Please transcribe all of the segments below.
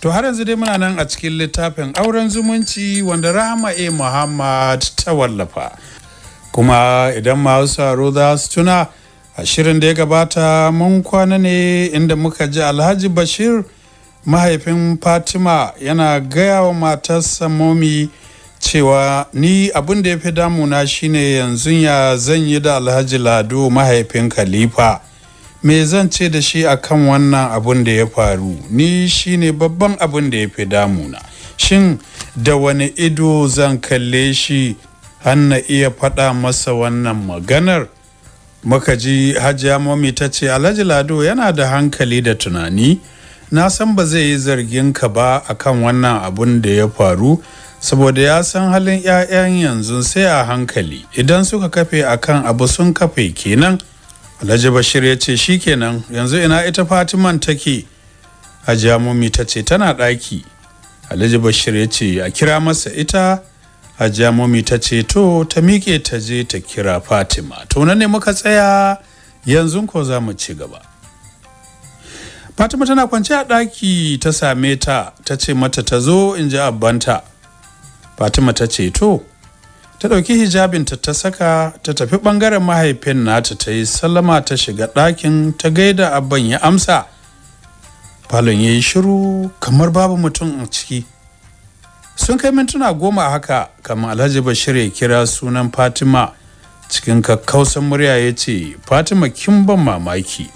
To har yanzu dai muna nan a cikin littafin auren zumunci wanda Rahama A. Muhammad ta wallafa. Kuma idan masu saro za su tuna a shirin da ya gabata mun kwana ne inda muka ji Alhaji Bashir mahaifin Fatima yana gaya wa matarsa momi cewa ni abin da ya fi damuna shine yanzu ya zan yi da Alhaji Lado mahaifin Khalifa. me zan ce da shi a kan wannan abun da ya faru ni shi ne babban abun da ya fi damuna shin da wani ido zan kalle shi hanna iya faɗa masa wannan maganar muka ji hajiya mami ta ce alhaji lado yana da hankali da tunani na san ba zai yi zargin ka ba kan wannan abun da ya faru saboda ya san halin 'ya'yan yanzu sai a hankali idan suka kafe a kan abu sun kafe kenan alhaji bashir ya ce shi kenan yanzu ina ita fatiman take a jamumi ta ce tana ɗaki alhaji bashir ya ce a kira masa ita a jamumi ta ce to ta miƙe ta je ta kira fatima to nan ne muka tsaya yanzu ko za mu ci gaba fatima tana kwance a ɗaki ta same ta ta ce mata ta zo in ji abbanta fatima ta ce to ta ɗauki hijabinta ta saka ta tafi ɓangaren mahaifin nata ta yi sallama ta shiga ɗakin ta gaida abban ya amsa falon ya yi shiru kamar babu mutum a ciki sun kai mintuna goma haka kamar alhaji bashir ya kira sunan fatima cikin kakkausan murya ya ce fatima kin ban mamaki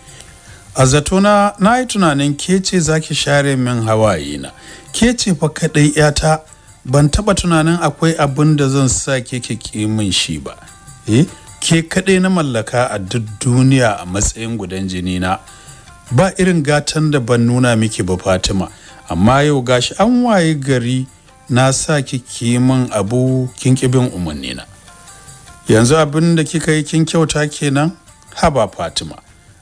a zatona na yi tunanin ke ce za ki share min hawaye na ke ce fa kaɗai 'yata ban taba tunanin akwai abin da zan sa ke ke min shi ba eh ke kaɗai na mallaka a duk duniya a matsayin gudan jini na ba irin gatan da ban nuna miki ba fatima amma yau gashi an waye gari na sa ke min abu kin umarni na yanzu abin da kika yi kin kyauta kenan haba fatima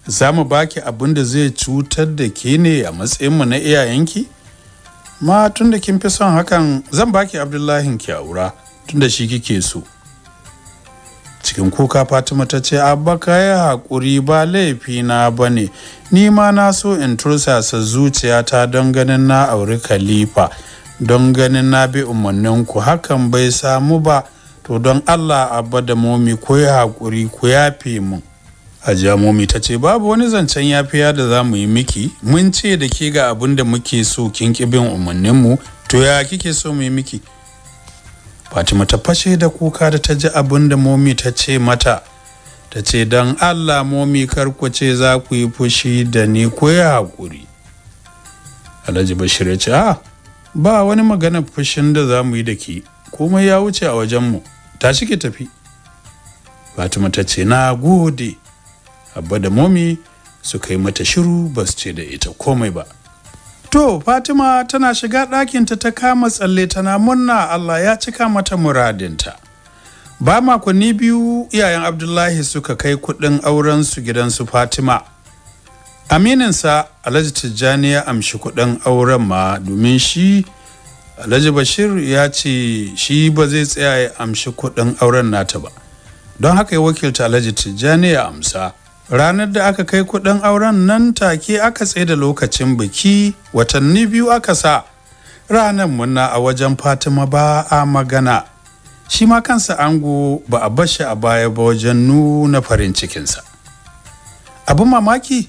za mu baki abin da zai cutar da ke ne a matsayinmu na iyayenki ma tun da kin fi son hakan zan baki abdullahin ki aura tun da shi kike so cikin kuka fatima ta ce abba ka yi haƙuri ba laifi na ba ne ni ma na so in tursasa zuciyata don ganin na auri kalifa don ganin na bi umarnin ku hakan bai samu ba to don allah abba da momi ko yi haƙuri ku yafe mun a jamomi ta ce babu wani zancen yafiya da za mu yi miki mun ce da ke ga abin da muke so kin bin umarninmu to ya kike so mu yi miki fatima ta fashe da kuka da ta ji abin da momi ta ce mata ta ce don allah momi ku ce za ku yi fushi da ni ko ya haƙuri alhaji bashir ya ce a ah, ba wani magana fushin da za mu yi da ke komai ya wuce a wajenmu ta shi ke tafi fatima ta ce na gode abba da momi suka yi mata shiru ba su ce da ita komai ba to fatima tana shiga ɗakinta ta kama tsalle tana murna allah ya cika mata muradinta ba makonni biyu iyayen abdullahi suka kai kuɗin aurensu gidansu fatima amininsa alhaji tijjani ya amshi kuɗin auren ma domin shi alhaji bashir ya ce shi ba zai tsaya ya amshi kuɗin auren nata ba don haka ya wakilta alhaji tijjani ya amsa ranar da aka kai kudin auren nan take aka tsaye da lokacin biki watanni biyu aka sa ranar muna a wajen fatima ba a magana shi ma kansa ango ba a bashi a baya ba wajen nuna farin cikinsa abin mamaki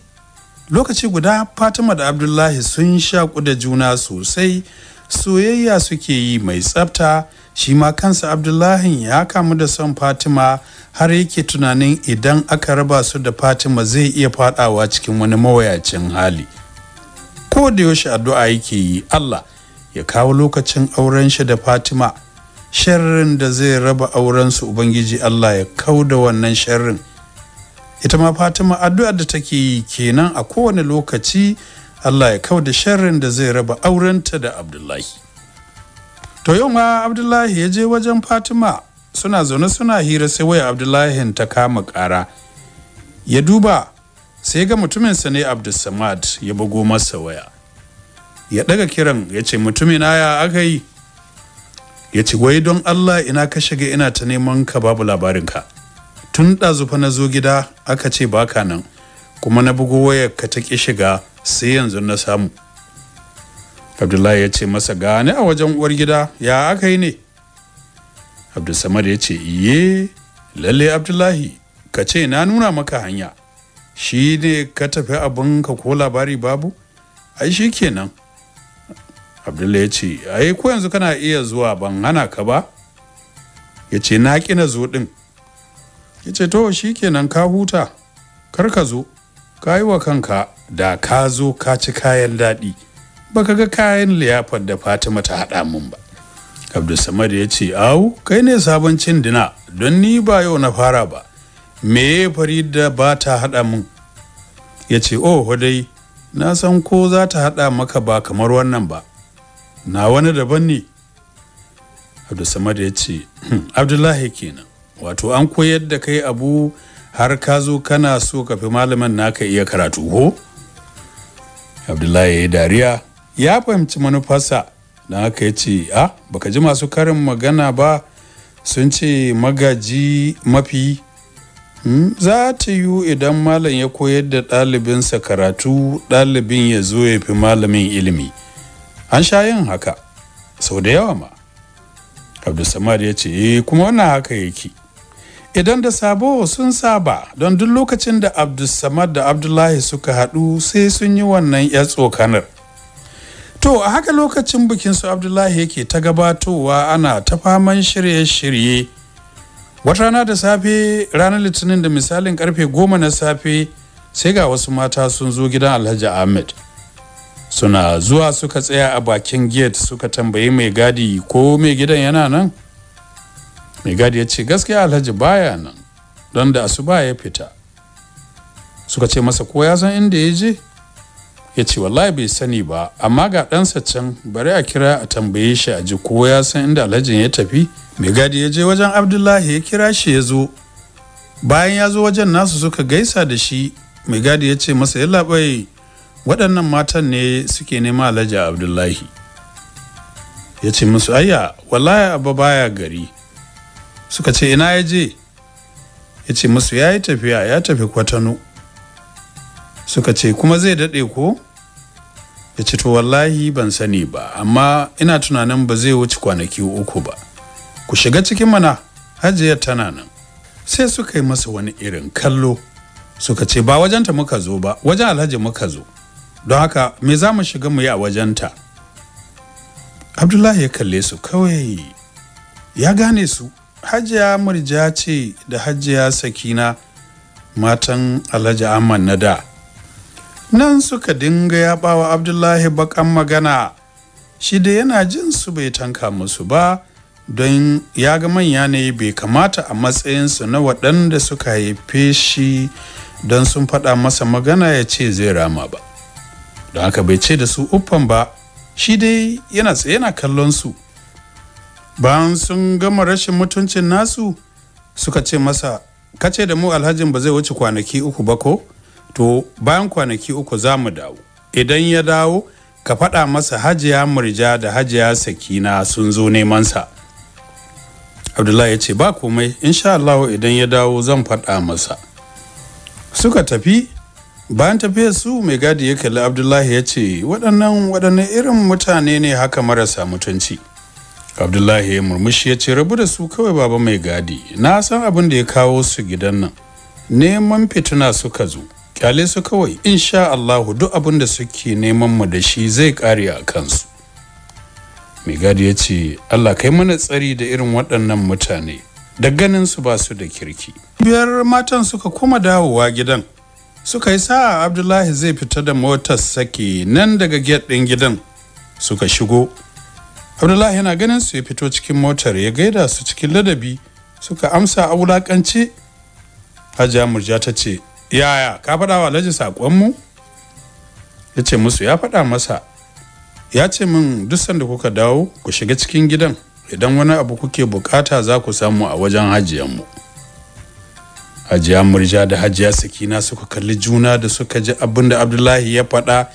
lokaci guda fatima da abdullahi sun shaƙu da juna sosai soyayya suke yi mai tsafta shi ma kansa abdullahi ya kamu da son fatima har yake tunanin idan aka raba su da fatima zai iya fadawa cikin wani mawayacin hali ko da yaushe addu'a yake yi allah ya kawo lokacin auren shi da fatima sharrin da zai raba auren su ubangiji allah ya kau da wannan sharrin ita ma fatima addu'a da take yi kenan a kowane lokaci allah ya kau da sharrin da zai raba aurenta da abdullahi to yau ma abdullahi ya je wajen fatima suna zaune suna hira sai waya abdullahi ta kama kara ya duba sai ga mutuminsa ne abdulsamad ya bugo masa waya ya ɗaga kiran ya ce mutumina ya aka yi ya ce wai don allah ina ka shiga ina ta neman ka babu labarinka tun ɗazufa na zo gida aka ce baka nan kuma na bugo wayar ka ta ƙi shiga sai yanzu na samu abdullahi ya ce masa gane a wajen uwar gida ya aka yi ne abdulsamad ya ce iye lalle abdullahi ka ce na nuna maka hanya shi ne ka tafi ka ko labari babu ai shi kenan abdullahi ya ce ai ko yanzu kana iya zuwa ban hana ka ba ya ce na kina zo din ya ce to shi kenan ka huta kar ka zo ka yi wa kanka da ka zo ka ci kayan daɗi baka ga kayan liyafar da fatima ta haɗa mun ba abdulsamad ya ce au kai ne sabon cin dina don ni ba yau na fara ba me farida ba ta haɗa mun ya ce oh dai na san ko za ta haɗa maka ba kamar wannan ba na wani daban ne abdulsamad ya ce hmm, abdullahi kenan wato an koyar da kai abu har ka zo kana so ka fi malamin naka iya karatu ho abdullahi ya yi dariya ya fahimci manufarsa don haka ya ce a baka ji masu karin magana ba sun ce magaji mafi hmm, za ta yiwu idan malam ya koyar da ɗalibinsa karatu ɗalibin ya zo ya fi malamin ilimi an sha yin haka sau da yawa ma abdulsamad ya ce e, kuma wannan haka yake idan da sabo sun saba don duk lokacin da abdulsamad da abdullahi suka haɗu sai sun yi wannan 'yar tsokanar to a haka lokacin bikin su abdullahi yake ta gabatowa ana ta faman shirye-shirye wata rana da safe ranar litinin da misalin karfe goma na safe sai ga wasu mata sun zo gidan alhaji ahmed suna zuwa suka tsaya a bakin gate suka tambayi mai gadi ko mai gidan yana nan mai gadi ya ce gaskiya alhaji baya nan don da asuba ya fita suka ce masa ko ya san inda ya je ya ce wallahi bai sani ba amma ga ɗansa can bari a kira a tambaye shi a ji ko ya san inda alhajin ya tafi mai gadi ya je wajen abdullahi ya kira shi ya zo bayan ya zo wajen nasu suka gaisa da shi mai gadi ya ce masa ya labai waɗannan matan ne suke nema alhaji abdullahi ya ce musu ayya wallahi abba baya gari suka ce ina ya je ya ce musu ya yi tafiya ya tafi kwatano suka ce kuma zai daɗe ko ya ce to wallahi ban sani ba amma ina tunanin ba zai wuce kwanaki uku ba ku shiga cikin mana hajiyar tana nan sai suka yi masa wani irin kallo suka ce ba wajenta muka zo ba wajen alhaji muka zo don haka me za mu shiga mu yi a wajenta abdullahi ya kalle su kawai ya gane su hajiya murja ce da hajiya sakina matan alhaji amman na da nan suka dinga ya bawa abdullahi bakan magana shi da yana jin su bai tanka musu ba don ya ga manya ne bai kamata a matsayinsu na waɗanda suka haife shi don sun faɗa masa magana ya ce zai rama ba don haka bai ce da su uffan ba shi dai yana tsaye yana kallon su bayan sun gama rashin mutuncin nasu suka ce masa kace da mu alhajin ba zai wuce kwanaki uku ba ko to bayan kwanaki uku za mu dawo idan ya dawo ka faɗa masa hajiya murja da hajiya sakina sun zo neman sa abdullahi ya ce ba komai insha Allah idan ya dawo zan faɗa masa suka tafi bayan tafiya su mai gadi ya kalli abdullahi ya ce waɗannan waɗannan irin mutane ne haka marasa mutunci abdullahi ya murmushi ya ce rabu da su kawai baba mai gadi na san abin da ya kawo su gidan nan neman fituna suka zo kyale su kawai insha Allahu duk abin da suke neman mu da shi zai kare a kansu mai gadi ya ce Allah kai mana tsari da irin waɗannan mutane da ganin su ba su da kirki biyar matan suka kuma dawowa gidan suka yi sa Abdullahi zai fita da motar sake nan daga gate ɗin gidan suka shigo Abdullahi yana ganin su ya fito cikin motar ya gaida su cikin ladabi suka amsa a wulakance Hajiya Murja ta ce yaya ka faɗa wa alhaji saƙonmu ya ce musu ya faɗa masa ya ce min duk sanda kuka dawo ku shiga cikin gidan idan wani abu kuke bukata za ku samu a wajen hajiyanmu hajiya murja da hajiya sakina suka kalli juna da suka ji abin da abdullahi ya faɗa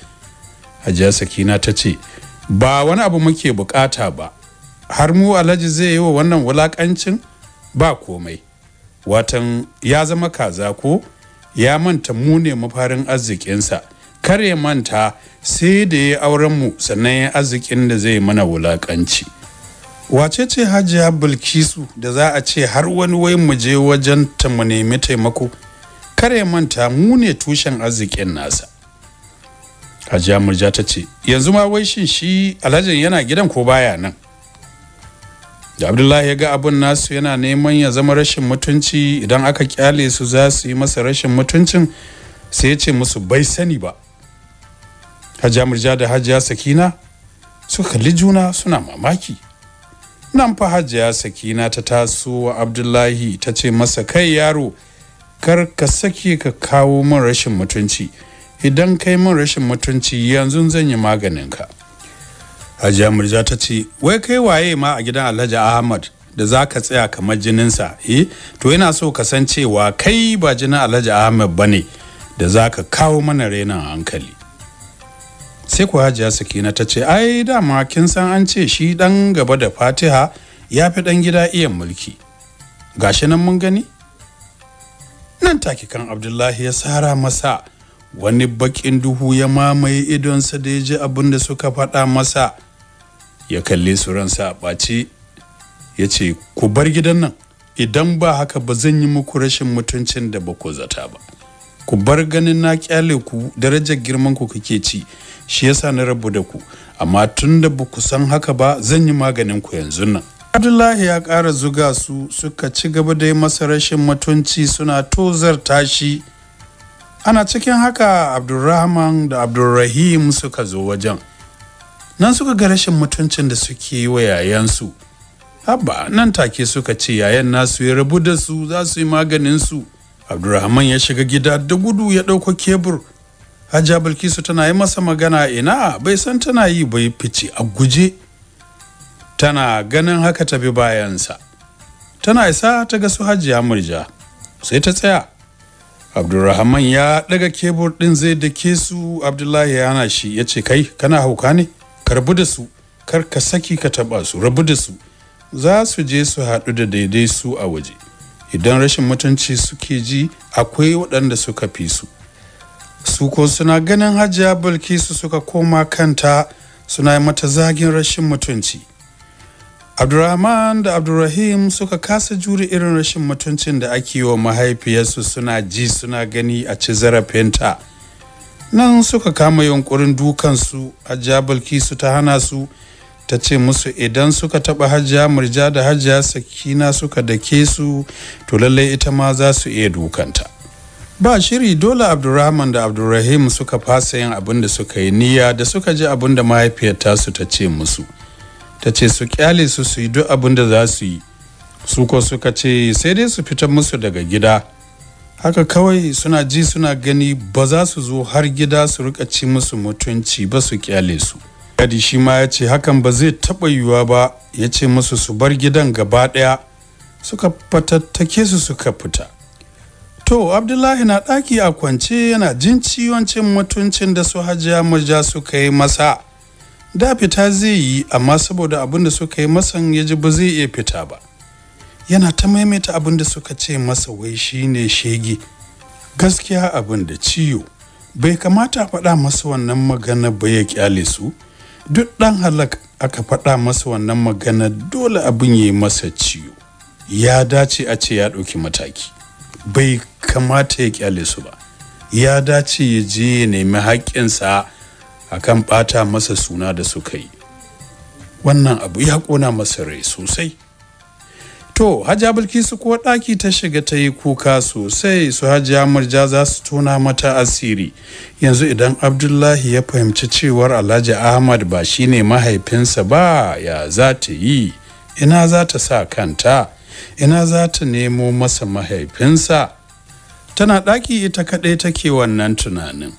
hajiya sakina ta ce ba wani abu muke bukata ba har mu alhaji zai yi wa wannan wulakancin ba komai watan ya zama kaza ko ya manta mu ne mafarin arzikinsa kar ya manta sai da ya auren mu sannan ya arzikin da zai mana wulakanci wace ce hajiya bilkisu da za a ce har wani wai mu je wajen ta mu nemi taimako kar ya manta mu ne tushen arzikin nasa hajiya murja ta ce yanzu ma wai shin shi alhajin yana gidan ko baya nan da abdullahi ya ga abin nasu yana neman ya zama rashin mutunci idan aka kyale su za su yi masa rashin mutuncin sai ya ce musu bai sani ba hajiya murja da hajiya sakina suka kalli juna suna mamaki nan fa hajiya sakina ta taso wa abdullahi ta ce masa kai yaro kar ka sake ka kawo mun rashin mutunci idan kai min rashin mutunci yanzu zan yi maganin ka. hajiya murja ta ce wai kai waye ma a gidan alhaji ahmad da za ka tsaya kamar jininsa eh to yana so ka san cewa kai ba jinin alhaji ahmad ba ne da za ka kawo mana renan hankali sai ku hajiya sakina ta ce ai dama kin san an ce shi ɗan gaba da fatiha ya fi ɗan gida iya mulki gashi nan mun gani nan take kan abdullahi ya sara masa wani bakin duhu ya mamaye idonsa da ya ji abin da suka faɗa masa ya kalle su ransa a ɓace ya ce ku bar gidan nan idan ba haka ba zan yi muku rashin mutuncin da ba ku zata ba ku bar ganin na kyale ku darajar girman ku kake ci shi yasa na rabu da ku amma tun da ba ku san haka ba zan yi maganin ku yanzu nan abdullahi ya ƙara zuga su suka ci gaba da masa rashin mutunci suna tozar shi. ana cikin haka abdulrahman da abdulrahim suka zo wajen nan suka ga rashin mutuncin da suke yi wa yayansu haba nan take suka ce yayan nasu ya rabu da su za su yi maganin su abdurrahman ya shiga gida da gudu ya ɗauko kebur hajja bilkisu tana yi masa magana ina bai san tana yi bai fice a guje tana ganin haka ta bi bayansa tana isa ta ga su hajji murja sai ta tsaya abdulrahman ya daga kebur din zai dake su abdullahi ya hana shi ya ce kai kana hauka ne karbu da su kar ka saki ka taba su rabu da su za su je su haɗu da daidai su a waje idan rashin mutunci suke ji akwai waɗanda suka fi su su ko suna ganin hajiya bilkisu suka koma kanta suna yi mata zagin rashin mutunci abdurrahman da abdurrahim suka kasa jure irin rashin mutuncin da ake yi wa mahaifiyarsu suna ji suna gani a ci zarafinta nan suka kama yunkurin dukansu hajja bilkisu ta hana su ta ce musu idan suka taba Hajiya murja da Hajiya sakina suka dake su to lallai ita ma za su iya dukanta ba shiri dole abdurrahman da abdurrahim suka fasa yin abin da suka yi niyya da suka ji abin da mahaifiyar tasu ta ce musu ta ce su kyale su su yi duk abin da za su yi su ko suka ce sai dai su fita musu daga gida haka kawai suna ji suna gani ba za su zo har gida su rika ci musu mutunci ba su kyale su gadi shi ma ya ce hakan ba zai taɓa yiwuwa ba ya ce musu su bar gidan gaba ɗaya suka fatattake su suka fita to abdullahi na ɗaki a kwance yana jin ciwon mutuncin da su hajiya maja suka yi masa da fita zai yi amma saboda abin da suka yi masan ya ji ba zai iya fita ba yana ta maimaita abin da suka ce masa wai shine shege gaskiya abin da ciyo bai kamata a faɗa masa wannan magana ba ya kyale su duk ɗan halak aka faɗa masa wannan magana dole abin ya yi masa ciwo ya dace a ce ya ɗauki mataki bai kamata ya kyale su ba ya dace ya je ya nemi haƙƙinsa a kan ɓata masa suna da suka yi wannan abu ya ƙona masa rai sosai To, Hajiya Bilkisu ko ɗaki ta shiga ta yi kuka sosai su Hajiya Murja za su tona mata asiri. Yanzu idan Abdullahi ya fahimci cewar Alhaji Ahmad ba shi ne mahaifinsa ba ya za ta yi, ina za ta sa kanta, ina za ta nemo masa mahaifinsa. Tana ɗaki ita kaɗai take wannan tunanin.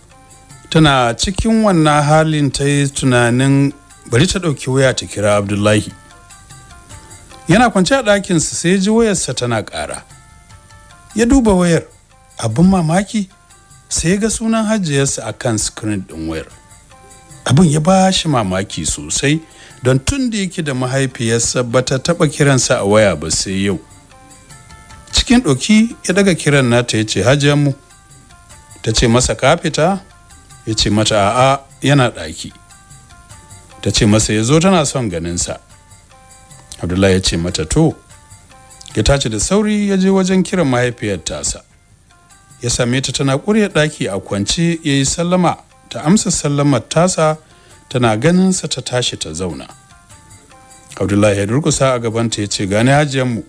Tana cikin wannan halin ta yi tunanin bari ta ɗauki waya ta kira Abdullahi. yana kwance a ɗakinsa sai ji wayarsa tana ƙara ya duba wayar abin mamaki sai ga sunan hajjiyarsa a kan screen ɗin wayar abin ya ba shi mamaki sosai don tun da yake da mahaifiyarsa ba ta taɓa kiransa a waya ba sai yau cikin ɗoki ya daga kiran nata ya ce hajiyarmu ta ce masa kafita ya ce mata a'a yana ɗaki ta ce masa ya zo tana son ganinsa abdullahi ya ce mata to ya tace da sauri ya je wajen kiran mahaifiyar tasa ya same ta tana ƙurya ɗaki a kwance ya yi sallama ta amsa sallamar tasa tana ganinsa ta tashi ta zauna abdullahi ya durkusa a gabanta ya ce gane hajiyanmu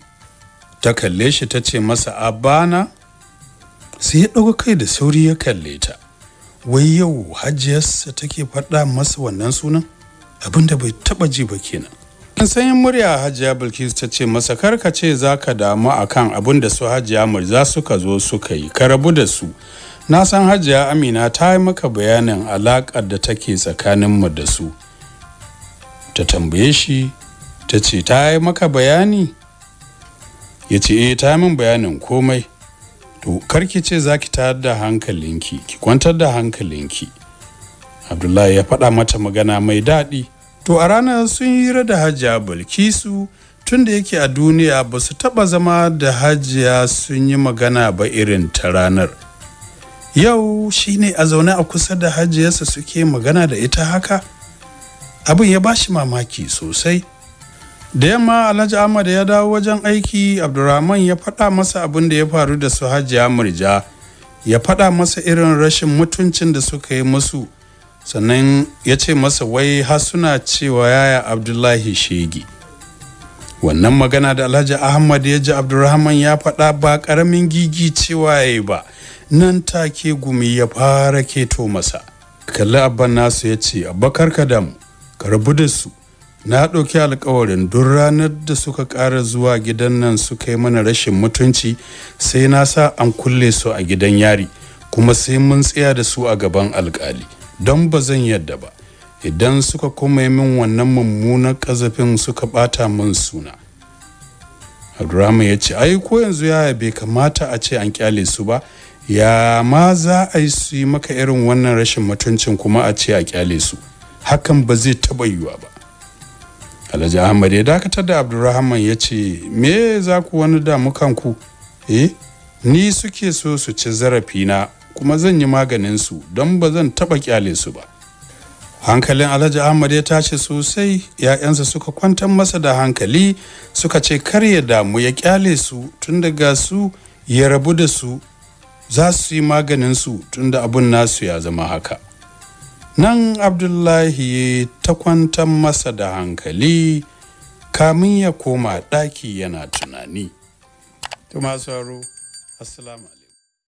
ta kalle shi ta ce masa abana sai ya ɗauka kai da sauri ya kalle ta wai yau hajiyarsa take faɗa masa wannan sunan abinda bai taɓa ji ba kenan sanyin murya hajiya bilkisu ta ce masa karka ce za ka damu a kan abin da su hajiya murza suka zo suka yi ka rabu da su na san hajiya amina ta yi maka bayanin alaƙar da take tsakanin mu da su ta tambaye shi ta ce ta yi maka bayani ya ce eh ta yi min bayanin komai to karki ce za ki tayar da hankalinki ki kwantar da hankalinki abdullahi ya faɗa mata magana mai daɗi to a ranar sun yi hira da hajiya bilkisu tun da yake a duniya ba su taba zama da hajiya sun yi magana ba irin ta ranar yau shine a zaune a kusa da hajiyarsa suke magana da ita haka abin ya ba shi mamaki sosai da yamma alhaji ahmad ya dawo wajen aiki abdurrahman ya faɗa masa abin da ya faru da su hajiya murja ya faɗa masa irin rashin mutuncin da suka yi musu sannan ya ce masa wai hasuna cewa yaya abdullahi shege wannan magana da alhaji ahmad ya ji abdurrahman ya faɗa ba ƙaramin gigi cewa ya ba nan take gumi ya fara keto masa kalli abban nasu ya ce abakar ka damu ka rabu da su na ɗauki alkawarin duk ranar da suka ƙara zuwa gidan nan suka yi mana rashin mutunci sai na sa an kulle su a gidan yari kuma sai mun tsaya da su a gaban alkali don ba zan yadda ba idan suka kuma min wannan mummunan ƙazafin suka ɓata min suna abdurrahman ya ce ai ko yanzu ya bai kamata a ce an kyale su ba ya ma za a yi su yi maka irin wannan rashin mutuncin kuma a ce a kyale su hakan ba zai taɓa yiwuwa ba alhaji ahmad ya dakatar da abdurrahman ya ce me za ku wani damu eh ni suke so su ci zarafina kuma zan yi maganin su don ba zan taɓa kyale su ba hankalin alhaji ahmad ya tashi sosai ‘ya'yansa suka kwantar masa da hankali suka ce kar ya damu ya kyale su tun daga su ya rabu da su za su yi maganin su tun da abun nasu ya zama haka nan abdullahi ta kwantar masa da hankali kamin ya koma ɗaki yana tunani. Tumasaro, Assalamu